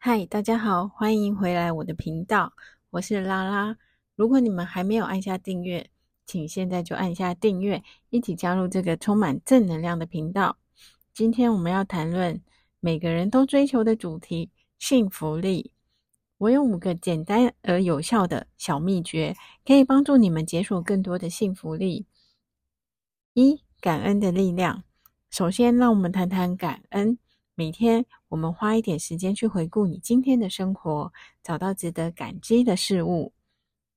嗨，Hi, 大家好，歡迎回來我的頻道，我是拉拉。如果你們還沒有按下訂閱，請現在就按下訂閱，一起加入這個充滿正能量的頻道。今天我們要談論每個人都追求的主題——幸福力。我有五個簡單而有效的小秘訣，可以幫助你們解鎖更多的幸福力。一、感恩的力量。首先，讓我們談談感恩。每天，我們花一點時間去回顧你今天的生活，找到值得感激的事物。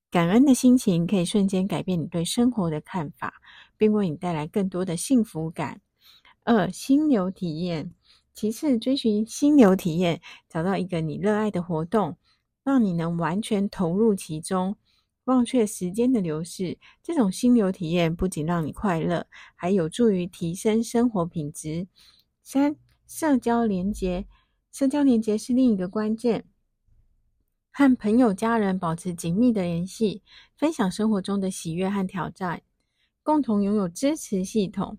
感恩的心情可以瞬間改變你對生活的看法，並為你帶來更多的幸福感。二、心流體驗。其次，追尋心流體驗，找到一個你熱愛的活動，讓你能完全投入其中，忘卻時間的流逝。這種心流體驗不僅讓你快樂，還有助於提升生活品質。三。社交連接，社交連接是另一個關鍵。和朋友、家人保持緊密的聯繫，分享生活中的喜悅和挑戰，共同擁有支持系統，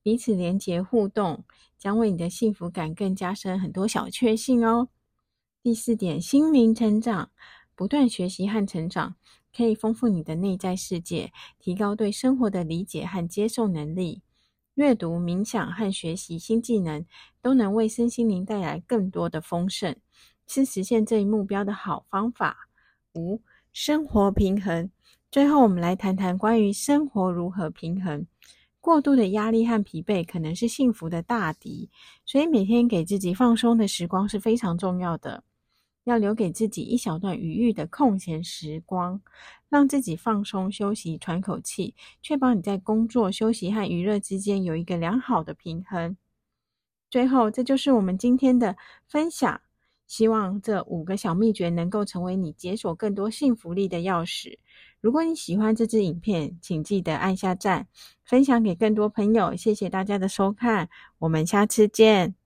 彼此連接互動，將為你的幸福感更加深很多小確幸哦。第四點，心靈成長，不斷學習和成長，可以豐富你的內在世界，提高對生活的理解和接受能力。閱讀、冥想和學習新技能都能為身心靈帶來更多的豐盛，是實現這一目標的好方法。五、生活平衡。最後，我們來談談關於生活如何平衡。過度的壓力和疲憊可能是幸福的大敵，所以每天給自己放鬆的時光是非常重要的。要留給自己一小段愉悅的空閒時光，讓自己放鬆、休息、喘口氣，確保你在工作、休息和娛樂之間有一個良好的平衡。最後，這就是我們今天的分享。希望這五個小秘訣能夠成為你解鎖更多幸福力的鑰匙。如果你喜歡這支影片，請記得按下讚，分享給更多朋友。謝謝大家的收看，我們下次見。